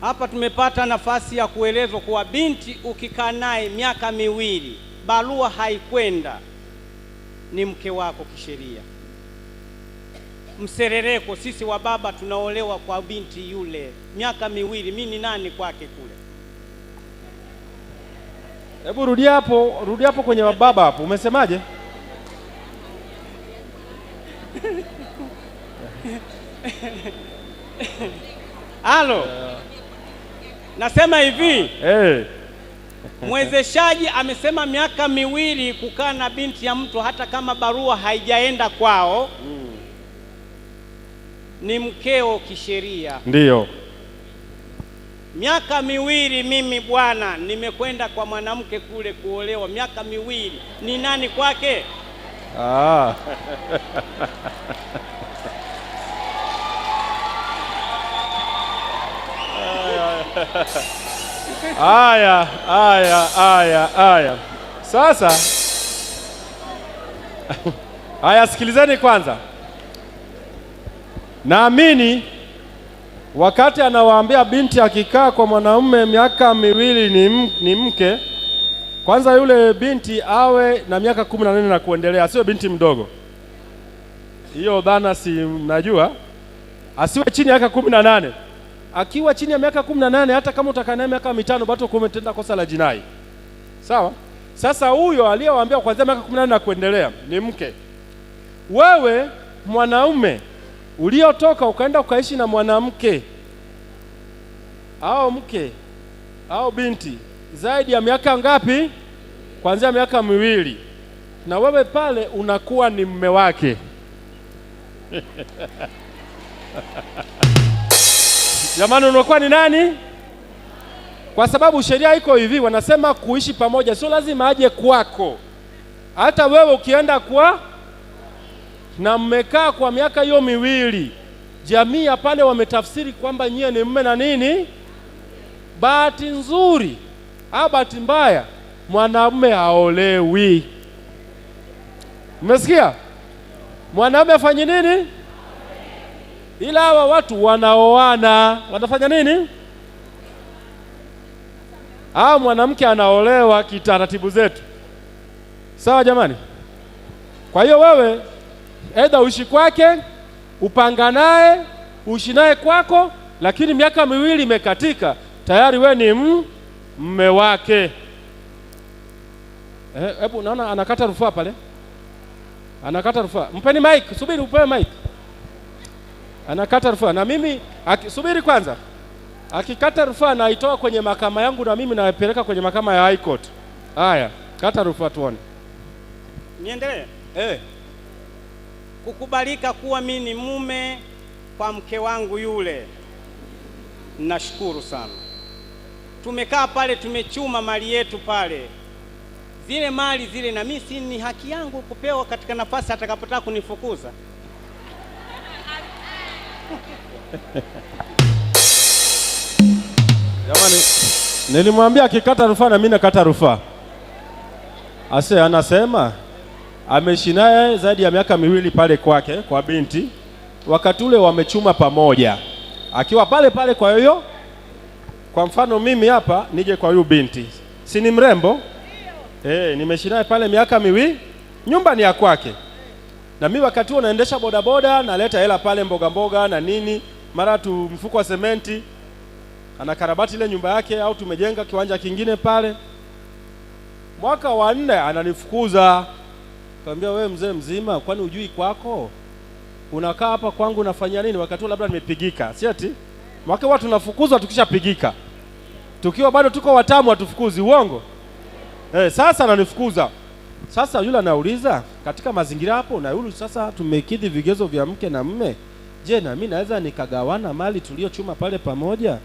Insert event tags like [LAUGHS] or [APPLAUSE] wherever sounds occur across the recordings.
Hapa tumepata nafasi ya kuelezwa kuwa binti ukikaa naye miaka miwili, barua haikwenda, ni mke wako kisheria. Mserereko sisi wa baba tunaolewa kwa binti yule, miaka miwili, mimi ni nani kwake kule? Hebu rudi hapo, rudi hapo kwenye wababa hapo, umesemaje? Halo. Eh. Nasema hivi hey. Eh. Mwezeshaji amesema miaka miwili kukaa na binti ya mtu hata kama barua haijaenda kwao mm. Ni mkeo kisheria, ndiyo. Miaka miwili mimi bwana, nimekwenda kwa mwanamke kule kuolewa, miaka miwili ni nani kwake? ah. [LAUGHS] Aya, aya, aya, aya. Sasa haya, sikilizeni kwanza. Naamini wakati anawaambia binti akikaa kwa mwanaume miaka miwili ni, ni mke kwanza, yule binti awe na miaka kumi na nane na kuendelea, asiwe binti mdogo. Hiyo dhana si mnajua asiwe chini ya miaka kumi na nane akiwa chini ya miaka kumi na nane hata kama utakaa naye miaka mitano bado kumetenda kosa la jinai sawa. Sasa huyo aliyewaambia kuanzia miaka kumi na nane na kuendelea ni mke. Wewe mwanaume uliotoka ukaenda ukaishi na mwanamke au mke au binti zaidi ya miaka ngapi? Kuanzia miaka miwili, na wewe pale unakuwa ni mme wake [LAUGHS] Jamani, unakuwa ni nani? Kwa sababu sheria iko hivi, wanasema kuishi pamoja sio lazima aje kwako, hata wewe ukienda kwa na mmekaa kwa miaka hiyo miwili, jamii ya pale wametafsiri kwamba nyie ni mme na nini. Bahati nzuri au bahati mbaya, mwanamume haolewi. Mmesikia? Mwanamume afanye nini? ila hawa watu wanaoana watafanya nini? Aa, mwanamke anaolewa kitaratibu zetu, sawa jamani? Kwa hiyo wewe aidha uishi kwake, upanga naye, uishi naye kwako, lakini miaka miwili imekatika tayari, we ni mume wake. Eh, hebu naona anakata rufaa pale, anakata rufaa. Mpeni mike, subiri upewe mike anakata rufaa na mimi akisubiri kwanza, akikata rufaa naitoa kwenye mahakama yangu na mimi naipeleka kwenye mahakama ya high court. Haya, kata rufaa tuone, niendelee eh. Kukubalika kuwa mimi ni mume kwa mke wangu yule, nashukuru sana. Tumekaa pale tumechuma mali yetu pale, zile mali zile, na mimi si ni haki yangu kupewa katika nafasi atakapotaka kunifukuza Jamani, nilimwambia akikata rufaa na mimi nakata rufaa. Ase anasema ameishi naye zaidi ya miaka miwili pale kwake kwa binti, wakati ule wamechuma pamoja, akiwa pale pale. Kwa hiyo kwa mfano mimi hapa nije kwa huyu binti, si ni mrembo eh? Nimeishi naye pale miaka miwili, nyumba ni ya kwake na mi wakati huo naendesha bodaboda, naleta hela pale mboga mboga na nini, mara tu mfuko wa sementi, anakarabati ile nyumba yake, au tumejenga kiwanja kingine pale. Mwaka wa nne ananifukuza, kaambia wewe mzee mzima, kwani ujui kwako? Unakaa hapa kwangu unafanya nini? Wakati huo labda nimepigika, si ati mwaka huo tunafukuzwa tukishapigika, tukiwa bado tuko watamu, hatufukuzi uongo. Eh, sasa ananifukuza sasa yule anauliza katika mazingira hapo, na yule sasa tumekidhi vigezo vya mke na mme, je, na mimi naweza nikagawana mali tuliyochuma pale pamoja?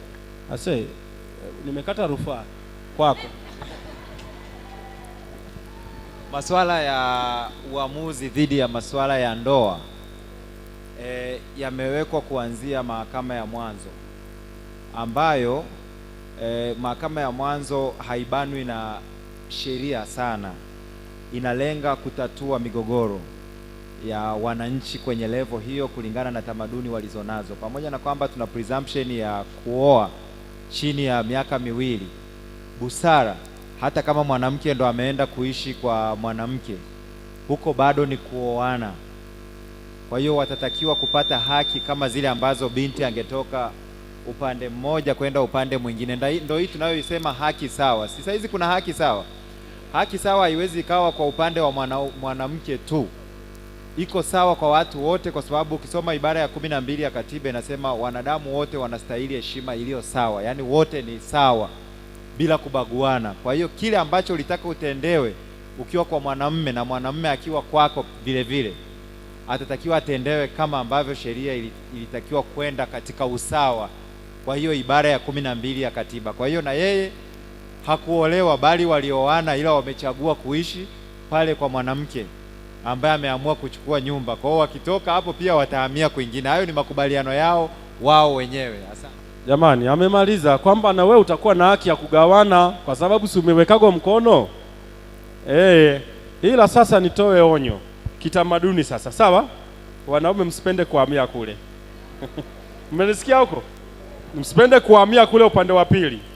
Ase, nimekata rufaa kwako. Masuala ya uamuzi dhidi ya masuala ya ndoa e, yamewekwa kuanzia mahakama ya mwanzo ambayo e, mahakama ya mwanzo haibanwi na sheria sana inalenga kutatua migogoro ya wananchi kwenye levo hiyo kulingana na tamaduni walizonazo, pamoja na kwamba tuna presumption ya kuoa chini ya miaka miwili. Busara, hata kama mwanamke ndo ameenda kuishi kwa mwanamke huko, bado ni kuoana. Kwa hiyo watatakiwa kupata haki kama zile ambazo binti angetoka upande mmoja kwenda upande mwingine. Ndio hii tunayoisema haki sawa. Si saa hizi kuna haki sawa? Haki sawa haiwezi ikawa kwa upande wa mwanamke tu, iko sawa kwa watu wote, kwa sababu ukisoma ibara ya kumi na mbili ya katiba inasema wanadamu wote wanastahili heshima iliyo sawa, yaani wote ni sawa bila kubaguana. Kwa hiyo kile ambacho ulitaka utendewe ukiwa kwa mwanamume na mwanamume akiwa kwako vile vile atatakiwa atendewe kama ambavyo sheria ilitakiwa kwenda katika usawa. Kwa hiyo ibara ya kumi na mbili ya katiba, kwa hiyo na yeye hakuolewa bali walioana, ila wamechagua kuishi pale kwa mwanamke ambaye ameamua kuchukua nyumba. Kwa hiyo wakitoka hapo pia watahamia kwingine. Hayo ni makubaliano yao wao wenyewe. Asante. Jamani, amemaliza kwamba na we utakuwa na haki ya kugawana kwa sababu si umewekagwa mkono e. Ila sasa nitoe onyo kitamaduni sasa, sawa? Wanaume msipende kuhamia kule [LAUGHS] mmenisikia huko, msipende kuhamia kule upande wa pili.